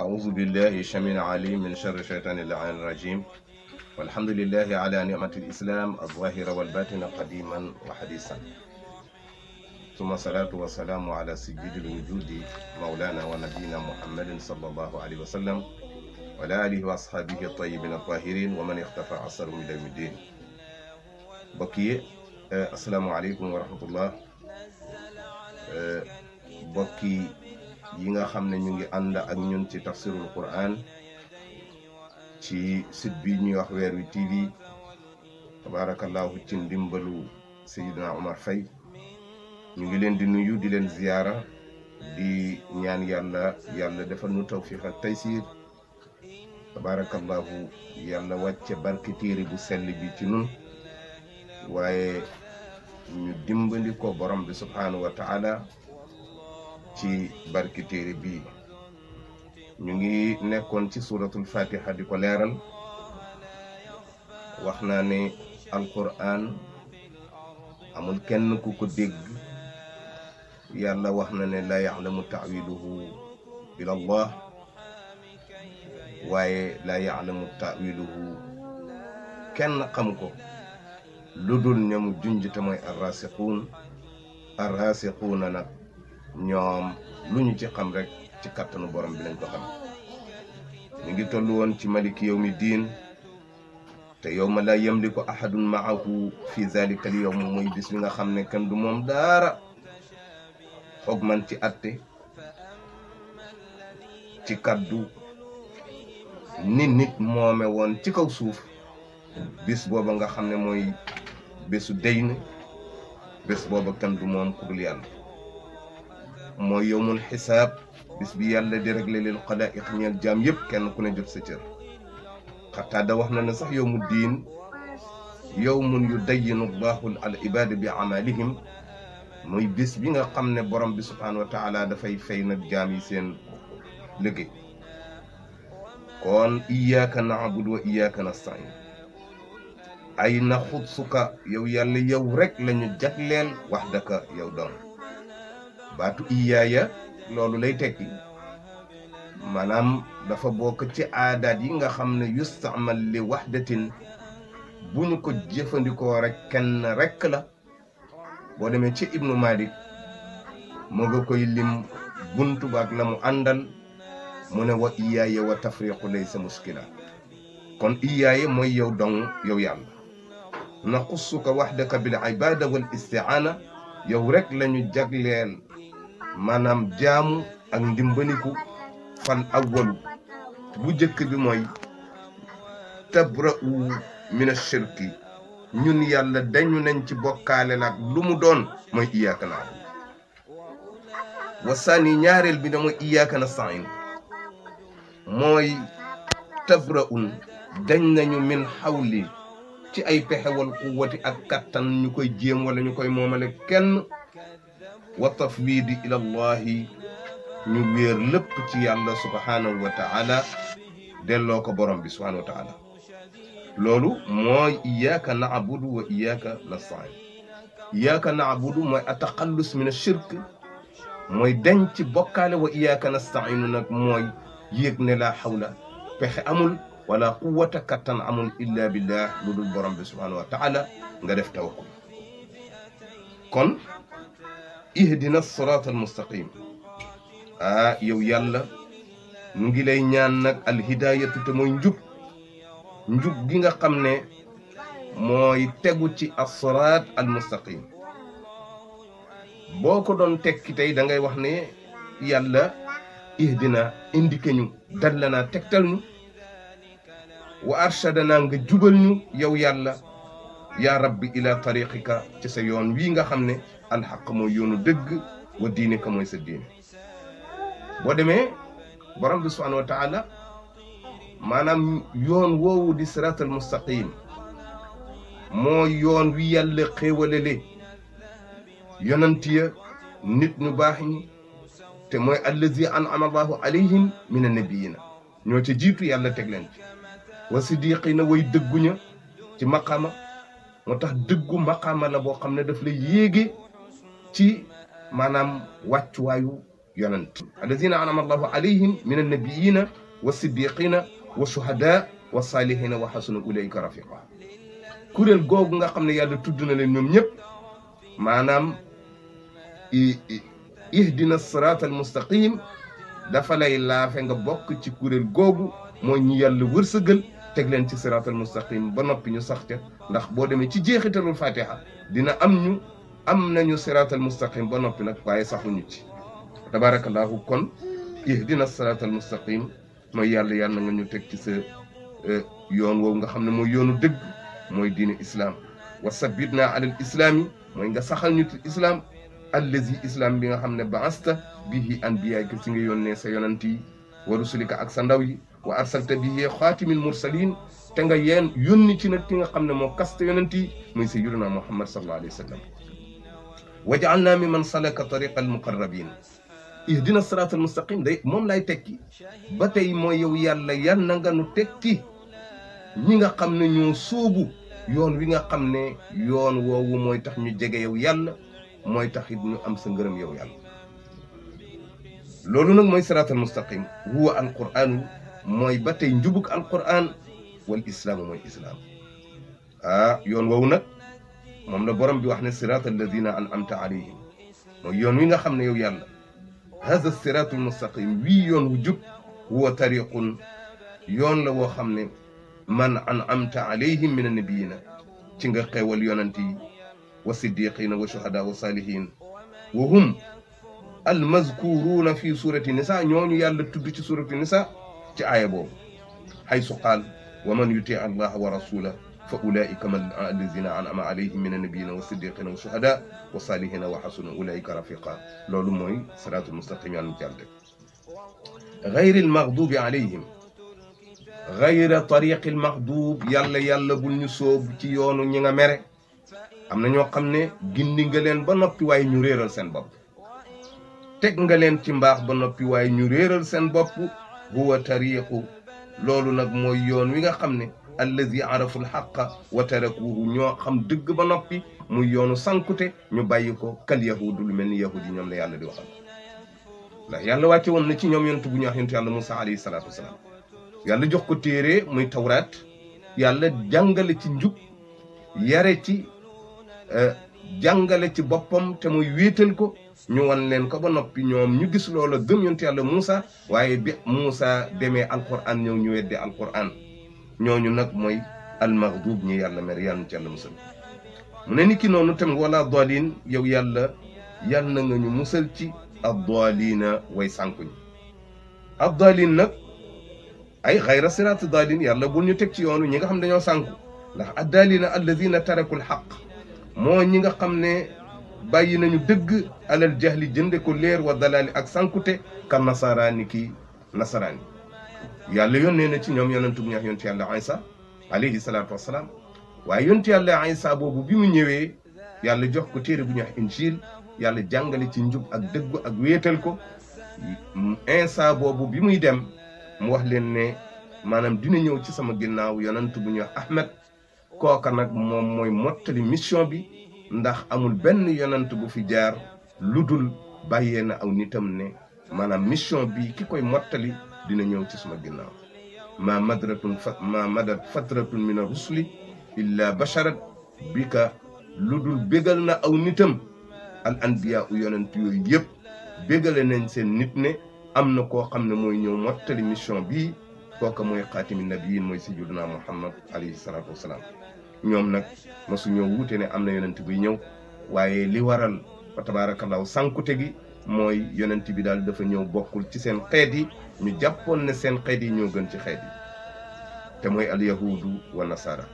أعوذ بالله الشميع العليم من شر الشيطان اللعين الرجيم والحمد لله على نعمة الإسلام الظاهرة والباطنة قديما وحديثا ثم صلاة والسلام على سيد الوجود مولانا ونبينا محمد صلى الله عليه وسلم وعلى آله وأصحابه الطيبين الطاهرين ومن اختفى عصره إلى يوم الدين بكي آه، السلام عليكم ورحمة الله آه، بكي yi nga xam ne ñu ngi ànd ak ñun ci tafsirul quran ci sit bi ñuy wax weer wi tv tabarakallahu ci ndimbalu sayidina omar fay ñu ngi leen di nuyu di leen ziyaara di ñaan yàlla yàlla defal nu tawfiq ak taysir tabarakallahu yàlla wàcce barke téere bu sell bi ci nun waaye ñu dimbali ko borom bi subhanahu wa taala ci barki téere bi ñu ngi nekkoon ci suratul fatiha di ko leeral wax naa ne alquran amul kenn ku ko dégg yàlla wax na ne laa yaclamu taawiluhu ila allah waaye laa yaclamu taawiluhu kenn xam ko lu dul ñamu junj te mooy arrasiquun arrasiquuna nag ñoom lu ñu ci xam rek ci kàttanu borom bi lañ ko xam ñu ngi toll woon ci maliki mi diin te yow ma laa yamliku ahadun maahu fi zalika al yawm mooy bis bi nga xam ne kenn du moom daara xoog man ci atte ci kaddu ni nit moome woon ci kaw suuf bis booba nga xam ne mooy bésu deyne bés booba kenn du moom ku dul yàlla mooy yowmul xisaab bis bi yàlla di régler leen xalaa'iq ñeel jaam yëpp kenn ku ne jot sa cër xataa da wax na ne sax yowmu diin yowmun yu dayyinu llaahu al ibaada bi amalihim mooy bis bi nga xam ne borom bi subhaanahu wa dafay fay nag jaam yi seen liggéey kon iyaaka naabud wa iyaaka nastain ay na xutsuka yow yàlla yow rek lañu ñu jagleel wax daka yow doon baatu ya loolu lay tekki maanaam dafa bokk ci aadaat yi nga xam ne yustamal li waxdatin bu ñu ko jëfandikoo rek kenn rekk la boo demee ci ibnu malik moo nga koy lim buntu baak la mu àndal mu ne wa iyaaya wa tafriqu laysa muskila kon iyaaya mooy yow dong yow yàlla naqussuka waxdaka bil ibada wal istiaana yow rek lañu jagleel maanaam jaamu ak ndimbaliku fan awwalu bu jëkk bi mooy tabra'u mina shirki ñun yàlla dañu nañ ci bokkaale nag lu mu doon mooy iyaaka naabu wa saani ñaareel bi da mooy iyaaka nastain mooy tabra'un dañ nañu min xawli ci ay pexe wal quwwati ak kattan ñu koy jéem wala ñu koy moomale kenn والتفويض الى الله نمير لب تي الله سبحانه وتعالى دلوك بروم بي سبحانه وتعالى لولو موي اياك نعبد واياك نستعين اياك نعبد موي التقلص من الشرك موي دنج بوكال واياك نستعين نك موي ييك لا حول بخي امول ولا قوة كتن عمل إلا بالله لدو برمب سبحانه وتعالى نغرف توقف كن ihdina siraatal mustaqim ah, yow yàlla nu ngi lay ñaan nag alhidaayatu te mooy njub njub gi nga xam ne mooy tegu ci asiraat al mustaqim boo ko doon tekki tey dangay wax ne yàlla ihdina indiqué ñu dallanaa tegtal ñu wa arshadana nga jubal ñu yow yàlla yaa rabbi ila tariqika ci sa yoon wii nga xam ne الحق موي يونو دغ ودينك موي سا دين بو ديمي بروم سبحانه وتعالى مانام يون وو دي صراط المستقيم مو يون وي يال خيوللي يوننتيا نيت نو باخني تي موي الذي انعم الله عليهم من النبيين نيو تي جيتو يالا تيغلن وصديقين وي دغونيا تي مقام motax deggu maqama la boo xam ne daf la yéege ci maanaam wàccuwaayu yonent alladina anama allahu alayhim min annabiyina wa siddiqina wa shuhada wa salihina wa xasuna ulayka rafiqa kuréel googu nga xam ne yàlla tudd na leen ñoom ñëpp maanaam ihdina siraat al mustaqim dafa lay laafe nga bokk ci kuréel googu mooy ñu yàlla wërsëgal teg leen ci siraat al mustaqim ba noppi ñu sax ca ndax boo demee ci jeexitalul fatiha dina am ñu am nañu siraatal mustaqim ba nopi nak waye saxuñu ci tabarakallah kon ihdina siratal mustaqim moy yàlla yàlla nga ñu tek ci sa yoon wo nga xamne moy yoonu deug moy diine islam wa ala alal islaami mooy nga saxal ñu ci islaam allazi islam bi nga xamne ne baasta bihi anbiya anbiyaaka ci nga yonne sa yonanti wa rusulika ak sa ndaw yi wa arsalta bihi xaatimil mursalin te nga yeen yónni ci nak ki nga xamne mo moo yonanti moy yi sayyiduna muhammad sallallahu alayhi wasallam واجعلنا ممن سلك طريق المقربين اهدنا الصراط المستقيم داي موم لاي تيكي باتاي مو يو يالا يالنا نغا نو تيكي نيغا خامني نيو سوبو يون ويغا خامني يون وو موي تخ ني جيغي يو يالا موي تخ ني ام سا غرم يو يالا لولو نك موي صراط المستقيم هو القران موي باتاي نجوبك القران والاسلام موي الاسلام اه يون وو نك moom la borom bi wax ne siraat alladina an'amta alayhim mooy yoon wi nga xam ne yow yàlla hada siraatu almustaqim wii yoon wu jub huwa tariqun yoon la woo xam ne man an'amta alayhim min annabiyina ci nga xeewal yonent yi wa siddiqina wa shuhada wa salihin wa hum almazkuruuna fi surati nisa ñooñu yàlla tudd ci surati nisa ci aaya boobu haysu qaal wa man yuti allah wa rasulah fa ulaika ma allazina anama alayhim min annabiyina wa siddiqina wa shuhada wa salihina wa xasuna ulaika rafiqa loolu mooy siraatul mustaqim yàlla ci àlde gayril maxdubi alayhim gayra tariqil maxdub yàlla yàlla bul ñu sóob ci yoonu ñi nga mere am na ñoo xam ne gindi nga leen ba noppi waaye ñu réeral seen bopp teg nga leen ci mbaax ba noppi waaye ñu réeral seen bopp huwa tariqu loolu nag mooy yoon wi nga xam ne allazi arafu alxaqa wa tarakuhu ñoo xam dëgg ba noppi muy yoonu sankute ñu bàyyi ko kal yahudu lu mel ni yahud yi ñoom la yàlla di waxal ndax yàlla wàcce woon na ci ñoom yonent bu ñu wax yonent yàlla Moussa alayhi salaatu wasalaam yàlla jox ko téere muy tawraat yàlla jàngale ci njub yare ci jàngale ci boppam te muy wéetal ko ñu wan leen ko ba noppi ñoom ñu gis loola gëm yonent yàlla Moussa waaye bi Moussa demee alquran ñëw ñu weddee alquran ñooñu nag mooy almaxduub ñu yàlla mer yàlla ci yàlla musal mu ki noonu tam wala daalin yow yàlla yàlla na nga ñu musal ci addaalina way sànku ñi addaalin nag ay xayra siraat daalin yàlla bul ñu teg ci yoonu ñi nga xam ne dañoo sànku ndax addaalina alladina tarakul xaq moo ñi nga xam ne bàyyi nañu dëgg alal jahli jënde ko leer wa dalaali ak sànkute ka nasaraani ki nasaraani yàlla yónnee na ci ñoom yonent bu ñuy wax yonent yàlla Isa alayhi salaatu wasalaam waaye yonent yàlla Isa boobu bi mu ñëwee yàlla jox ko téere bu ñax wax injil yàlla jàngale ci njub ak dëggu ak wéetal ko Isa boobu bi muy dem mu wax leen ne maanaam dina ñëw ci sama ginnaaw yonent bu ñuy wax Ahmed kooka nag moom mooy mottali mission bi ndax amul benn yonent bu fi jaar lu dul bàyyee na aw nitam ne maanaam mission bi ki koy mottali dina ñëw ci suma ginnaw ma madratun ma madat fatratun min rusuli illa basharat bika ludul bégal na aw nitam al anbiya u yonent yoy yeb begal nañ sen nit ne amna ko xamne moy ñëw motali mission bi koka moy khatimin nabiyyin moy sayyiduna muhammad alayhi salatu salaatu ñom nak ma su ñëw wute ne amna yonent bi ñëw waye li waral fa tabaarakallaahu sànkute gi moy yonent bi dal dafa ñëw bokul ci sen xeet yi ñu jàppoon ne seen xeet yi ñoo gën ci xeet yi te mooy al yahudu wa nasara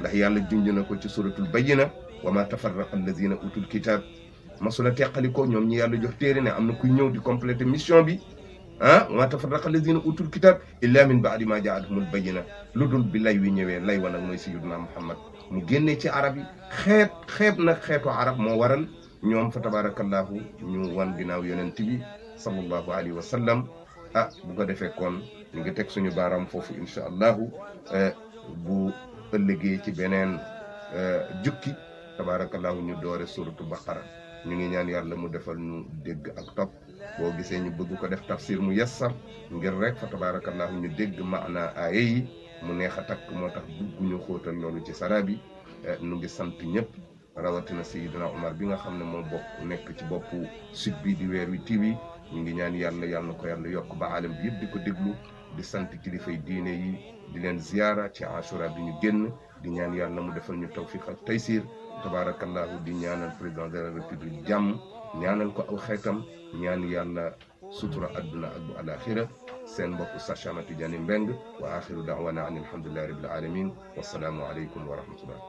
ndax yàlla junj na ko ci suratul bayina wa ma tafarraqa alladina utul kitab masula teqalikoo ñoom ñi yàlla jox téere ne am na kuy ñëw di complété mission bi ah wa ma tafarraqa alladina utul kitab illa min baadi ma jaatuhumul bayina lu dul bi lay wi ñëwee lay wa nag mooy sayyiduna muhammad mu génne ci arab yi xeet xeeb nag xeetu arab moo waral ñoom fa tabarakallahu ñu wan ginnaaw yonent bi sallallahu alayhi wa sallam ah bu ko defee kon ñu ngi teg suñu baaraam foofu incha allahu eh, bu ëllëgee ci beneen eh, jukki tabaarakallahu ñu doore suratu baqara ñu ngi ñaan yàlla mu defal nu dégg ak topp boo gisee ñu bëgg ko def tafsir mu yassar ngir rek fa tabaarakallahu ñu dégg maana aaye yi mu neex a takk moo tax bëgguñu xóotal loolu ci sara bi ñu eh, ngi sant ñëpp rawatina sayidina Omar bi nga xam ne moom bokk nekk ci boppu sud di weer wi TV ñu ngi ñaan yàlla yàlla na ko yàlla yokk ba alam bi yëpp di ko déglu di sant kilifay diine yi di leen ziyaara ci asura bi ñu génn di ñaan yàlla na mu defal ñu tawfiq ak taysir tabaarakallahu di ñaanal président de la république jàmm ñaanal ko aw xeetam ñaan yàlla sutura adduna ak bu alaxira seen mbokk Sacha Mati Diané Mbeng wa axiru daawana an alhamdulillahi rabbil alamin wasalaamu aleykum wa rahmatullah